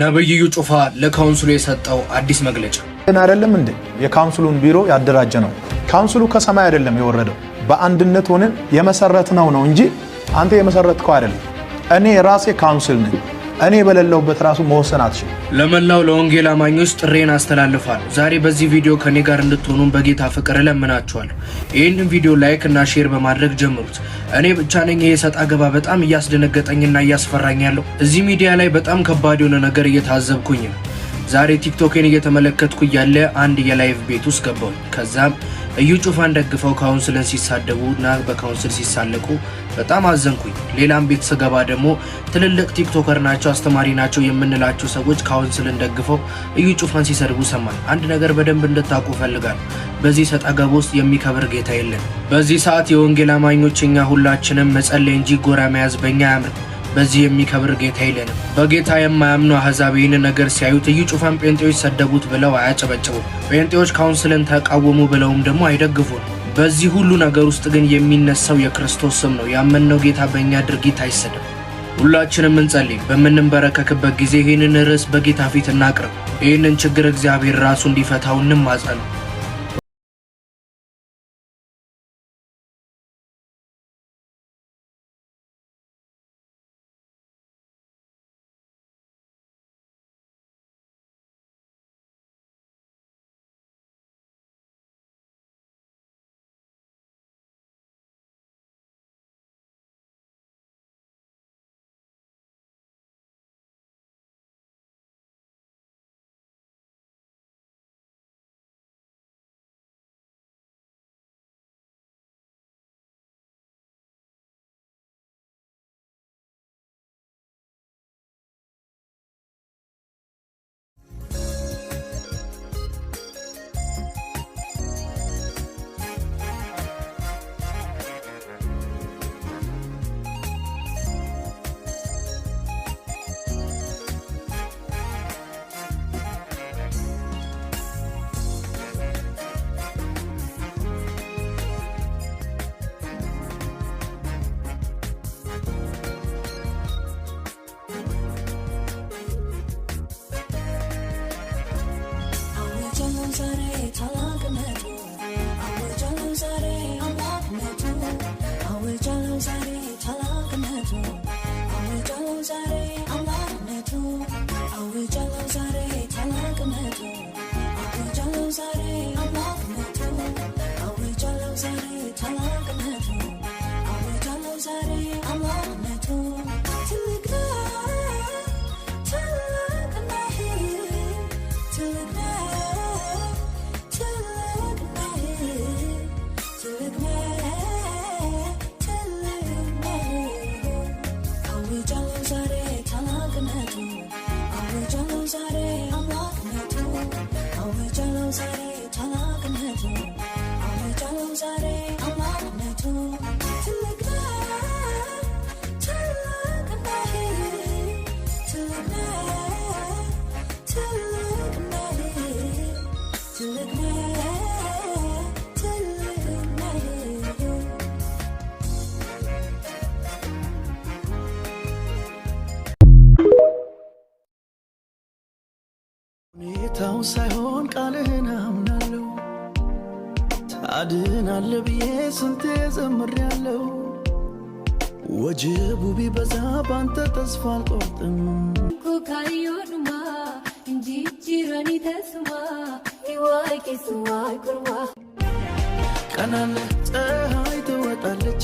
ነብዩ ጩፋ ለካውንስሉ የሰጠው አዲስ መግለጫ ግን አይደለም እንዴ? የካውንስሉን ቢሮ ያደራጀ ነው። ካውንስሉ ከሰማይ አይደለም የወረደው፣ በአንድነት ሆነን የመሰረት ነው ነው እንጂ አንተ የመሰረትከው አይደለም። እኔ ራሴ ካውንስል ነኝ። እኔ በሌለውበት ራሱ መወሰን አትችል። ለመላው ለወንጌል አማኞች ጥሬን አስተላልፋል ዛሬ በዚህ ቪዲዮ ከኔ ጋር እንድትሆኑን በጌታ ፍቅር እለምናችኋለሁ። ይህንን ቪዲዮ ላይክ እና ሼር በማድረግ ጀምሩት። እኔ ብቻ ነኝ ይሄ ሰጥ አገባ በጣም እያስደነገጠኝና እያስፈራኝ ያለው። እዚህ ሚዲያ ላይ በጣም ከባድ የሆነ ነገር እየታዘብኩኝ ነው። ዛሬ ቲክቶኬን እየተመለከትኩ እያለ አንድ የላይቭ ቤት ውስጥ ገባሁኝ። ከዛም እዩ ጩፋን ደግፈው ካውንስልን ሲሳደቡ እና በካውንስል ሲሳለቁ በጣም አዘንኩኝ። ሌላም ቤት ስገባ ደግሞ ትልልቅ ቲክቶከር ናቸው አስተማሪ ናቸው የምንላቸው ሰዎች ካውንስልን ደግፈው እዩ ጩፋን ሲሰድቡ ሰማል። አንድ ነገር በደንብ እንድታውቁ ፈልጋል። በዚህ ሰጠገብ ውስጥ የሚከብር ጌታ የለም። በዚህ ሰዓት የወንጌል አማኞች እኛ ሁላችንም መጸለይ እንጂ ጎራ መያዝ በእኛ አያምርም። በዚህ የሚከብር ጌታ የለንም። በጌታ የማያምኑ አህዛብ ይህን ነገር ሲያዩት እዩ ጩፋን ጴንጤዎች ሰደቡት ብለው አያጨበጭቡም። ጴንጤዎች ካውንስልን ተቃወሙ ብለውም ደግሞ አይደግፉም። በዚህ ሁሉ ነገር ውስጥ ግን የሚነሳው የክርስቶስ ስም ነው። ያመነው ጌታ በእኛ ድርጊት አይሰደም። ሁላችንም እንጸልይ። በምንንበረከክበት ጊዜ ይህንን ርዕስ በጌታ ፊት እናቅርብ። ይህንን ችግር እግዚአብሔር ራሱ እንዲፈታው እንማጸን። ሳይሆን ቃልህን አምናለሁ። ታድናለ ብዬ ስንቴ ዘምሬያለሁ። ወጀቡ ቢበዛ ባንተ ተስፋ አልቆርጥም። ቀናለ ፀሐይ ትወጣለች፣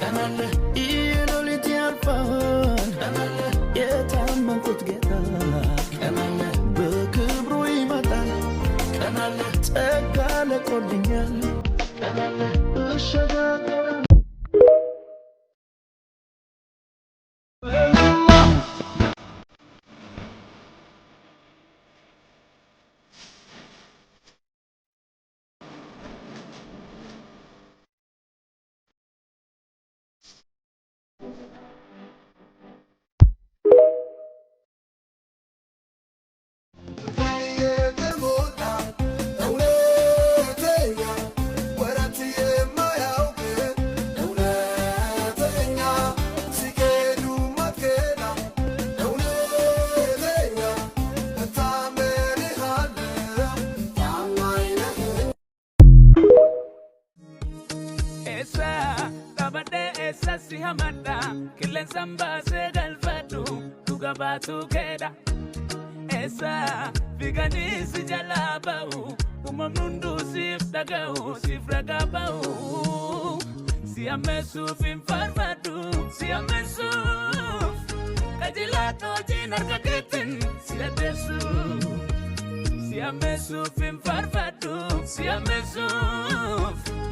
ቀናለ የሌሊት ያልፋል por sassi hamadda qilleensaan baasee galfadhu dhuga baatu keedha eessa fiiganii si jalaa ba'u uumamni hunduu siif dhaga'u siif ba'u si si si Si si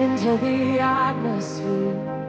into the atmosphere.